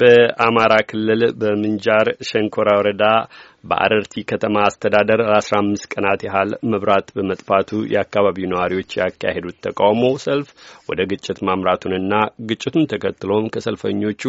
በአማራ ክልል በምንጃር ሸንኮራ ወረዳ በአረርቲ ከተማ አስተዳደር ለ15 ቀናት ያህል መብራት በመጥፋቱ የአካባቢው ነዋሪዎች ያካሄዱት ተቃውሞ ሰልፍ ወደ ግጭት ማምራቱንና ግጭቱን ተከትሎም ከሰልፈኞቹ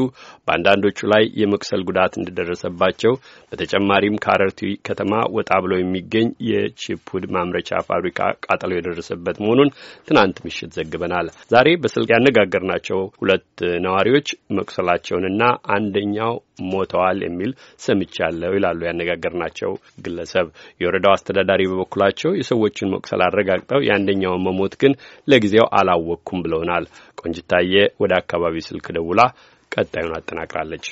በአንዳንዶቹ ላይ የመቁሰል ጉዳት እንደደረሰባቸው በተጨማሪም ከአረርቲ ከተማ ወጣ ብሎ የሚገኝ የቺፑድ ማምረቻ ፋብሪካ ቃጠሎ የደረሰበት መሆኑን ትናንት ምሽት ዘግበናል። ዛሬ በስልክ ያነጋገርናቸው ሁለት ነዋሪዎች መቁሰላቸውንና አንደኛው ሞተዋል የሚል ሰምቻለሁ ይላሉ ያነጋገር ያነጋገር ናቸው ግለሰብ የወረዳው አስተዳዳሪ በበኩላቸው የሰዎችን መቁሰል አረጋግጠው የአንደኛውን መሞት ግን ለጊዜው አላወቅኩም ብለውናል። ቆንጅታየ ወደ አካባቢው ስልክ ደውላ ቀጣዩን አጠናቅራለች።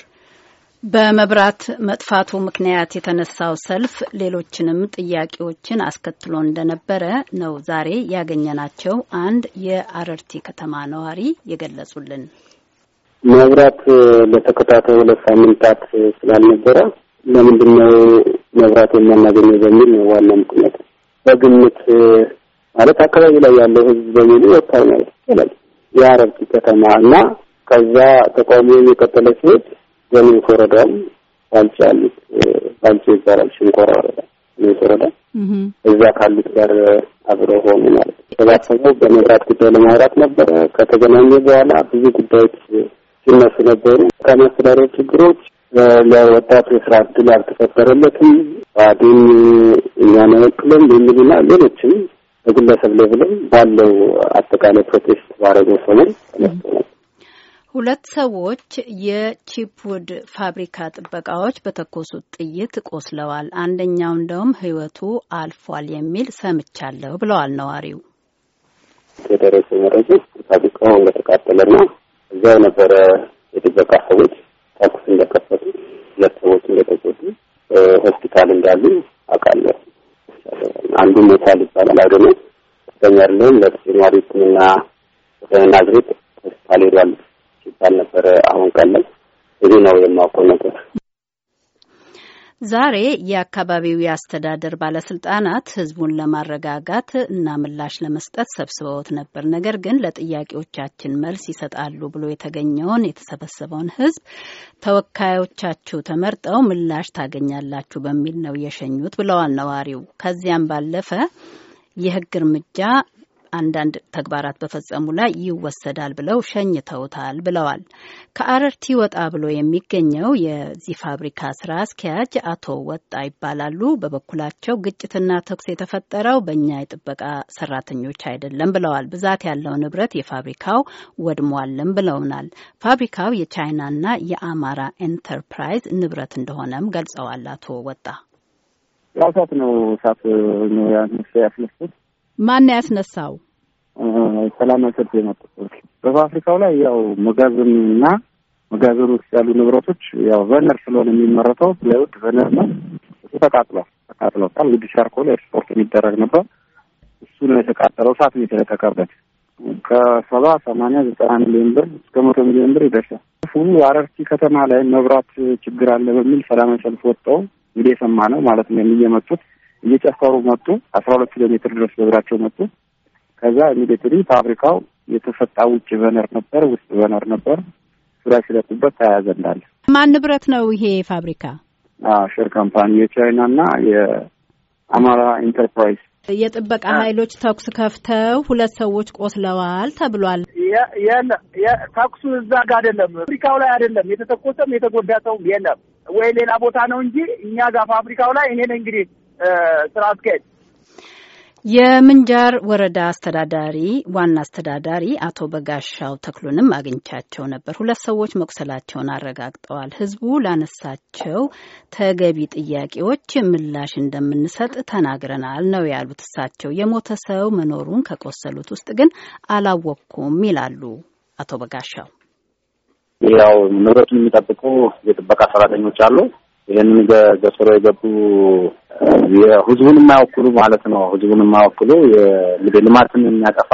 በመብራት መጥፋቱ ምክንያት የተነሳው ሰልፍ ሌሎችንም ጥያቄዎችን አስከትሎ እንደነበረ ነው ዛሬ ያገኘናቸው አንድ የአረርቲ ከተማ ነዋሪ የገለጹልን። መብራት ለተከታታይ ሁለት ሳምንታት ስላልነበረ ለምንድን ነው መብራት የማናገኘው በሚል ነው ዋና ምክንያት። በግምት ማለት አካባቢ ላይ ያለው ህዝብ በሚሉ ወጥታዊ ነው ይችላል። የአረብቲ ከተማ እና ከዛ ተቃውሞ የቀጠለ ሲሄድ ዘመን ኮረዳም ባልጭ ያሉት ባልጭ ይባላል ሽንኮራ ወረዳ ሌት ወረዳ እዛ ካሉት ጋር አብረው ሆኑ ማለት ተባሰበው በመብራት ጉዳይ ለማውራት ነበረ። ከተገናኘ በኋላ ብዙ ጉዳዮች ሲነሱ ነበሩ። ከመስተዳደር ችግሮች ለወጣቱ የስራ እድል አልተፈጠረለትም፣ ባዴን እኛን አይወክልም የሚሉና ሌሎችም በግለሰብ ሌብልም ባለው አጠቃላይ ፕሮቴስት ባረገው ሰሞን ሁለት ሰዎች የቺፕውድ ፋብሪካ ጥበቃዎች በተኮሱት ጥይት ቆስለዋል። አንደኛው እንደውም ሕይወቱ አልፏል የሚል ሰምቻለሁ ብለዋል ነዋሪው። የደረሰ መረጃ ፋብሪካው እንደተቃጠለና እዚያው ነበረ አንዱ ሞቷል ይባላል። አውደነ ከፍተኛ ያለውን ለተጨማሪ ሕክምና ወደ ናዝሬት ሆስፒታል ሄዷል ሲባል ነበረ። አሁን ቀን ላይ ይህ ነው የማውቀው ነገር። ዛሬ የአካባቢው የአስተዳደር ባለስልጣናት ህዝቡን ለማረጋጋት እና ምላሽ ለመስጠት ሰብስበውት ነበር። ነገር ግን ለጥያቄዎቻችን መልስ ይሰጣሉ ብሎ የተገኘውን የተሰበሰበውን ህዝብ ተወካዮቻችሁ ተመርጠው ምላሽ ታገኛላችሁ በሚል ነው የሸኙት ብለዋል ነዋሪው። ከዚያም ባለፈ የህግ እርምጃ አንዳንድ ተግባራት በፈጸሙ ላይ ይወሰዳል ብለው ሸኝተውታል ብለዋል። ከአረርቲ ወጣ ብሎ የሚገኘው የዚህ ፋብሪካ ስራ አስኪያጅ አቶ ወጣ ይባላሉ። በበኩላቸው ግጭትና ተኩስ የተፈጠረው በእኛ የጥበቃ ሰራተኞች አይደለም ብለዋል። ብዛት ያለው ንብረት የፋብሪካው ወድሟልም ብለውናል። ፋብሪካው የቻይናና የአማራ ኤንተርፕራይዝ ንብረት እንደሆነም ገልጸዋል። አቶ ወጣ ያው እሳት ነው እሳት ያስነሱት ማን ያስነሳው? ሰላም ሰልፍ የመጡት ደቡብ ላይ ያው መጋዘን እና መጋዘን ውስጥ ያሉ ንብረቶች ያው ቨነር ስለሆነ የሚመረተው ፕላይውድ ቨነር ነው። እሱ ተቃጥሏል ተቃጥሎታል። ውድ ሻርኮ ላይ ኤክስፖርት የሚደረግ ነበር። እሱ ነው የተቃጠለው። እሳት ነው የተለቀቀበት። ከሰባ ሰማንያ ዘጠና ሚሊዮን ብር እስከ መቶ ሚሊዮን ብር ይደርሳል። ፉሉ አረርቲ ከተማ ላይ መብራት ችግር አለ በሚል ሰላማዊ ሰልፍ ወጥተው እንግዲህ የሰማ ነው ማለት ነው የሚየመጡት እየጨፈሩ መጡ። አስራ ሁለት ኪሎ ሜትር ድረስ በእግራቸው መጡ። ከዛ ሚሊትሪ ፋብሪካው የተሰጣ ውጭ በነር ነበር፣ ውስጥ በነር ነበር። ሱራ ሲለጡበት ተያያዘ እንዳለ። ማን ንብረት ነው ይሄ ፋብሪካ? ሼር ካምፓኒ የቻይና እና የአማራ ኢንተርፕራይዝ። የጥበቃ ኃይሎች ተኩስ ከፍተው ሁለት ሰዎች ቆስለዋል ተብሏል። ተኩሱ እዛ ጋ አይደለም፣ ፋብሪካው ላይ አይደለም የተተኮሰም የተጎዳ ሰውም የለም ወይ ሌላ ቦታ ነው እንጂ እኛ ጋር ፋብሪካው ላይ እኔ እንግዲህ ስራ አስኪያጅ የምንጃር ወረዳ አስተዳዳሪ ዋና አስተዳዳሪ አቶ በጋሻው ተክሉንም አግኝቻቸው ነበር። ሁለት ሰዎች መቁሰላቸውን አረጋግጠዋል። ሕዝቡ ላነሳቸው ተገቢ ጥያቄዎች ምላሽ እንደምንሰጥ ተናግረናል ነው ያሉት እሳቸው። የሞተ ሰው መኖሩን ከቆሰሉት ውስጥ ግን አላወቅኩም ይላሉ አቶ በጋሻው። ያው ንብረቱን የሚጠብቁ የጥበቃ ሰራተኞች አሉ። ይህንን ገሰሮ የገቡ የህዝቡን የማይወክሉ ማለት ነው። ህዝቡን የማይወክሉ እንግዲህ ልማትን የሚያጠፋ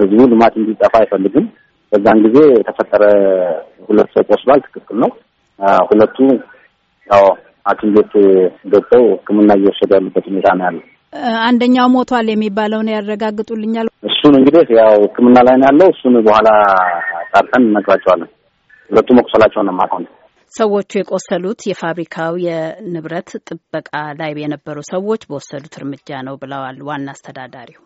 ህዝቡ ልማት እንዲጠፋ አይፈልግም። በዛን ጊዜ የተፈጠረ ሁለት ሰው ቆስሏል። ትክክል ነው። ሁለቱ ያው ሐኪም ቤት ገብተው ሕክምና እየወሰዱ ያሉበት ሁኔታ ነው ያለው። አንደኛው ሞቷል የሚባለውን ያረጋግጡልኛል። እሱን እንግዲህ ያው ሕክምና ላይ ነው ያለው። እሱን በኋላ ጣርተን እነግራቸዋለን። ሁለቱ መቁሰላቸውን ነው የማውቀው ሰዎቹ የቆሰሉት የፋብሪካው የንብረት ጥበቃ ላይ የነበሩ ሰዎች በወሰዱት እርምጃ ነው ብለዋል ዋና አስተዳዳሪው።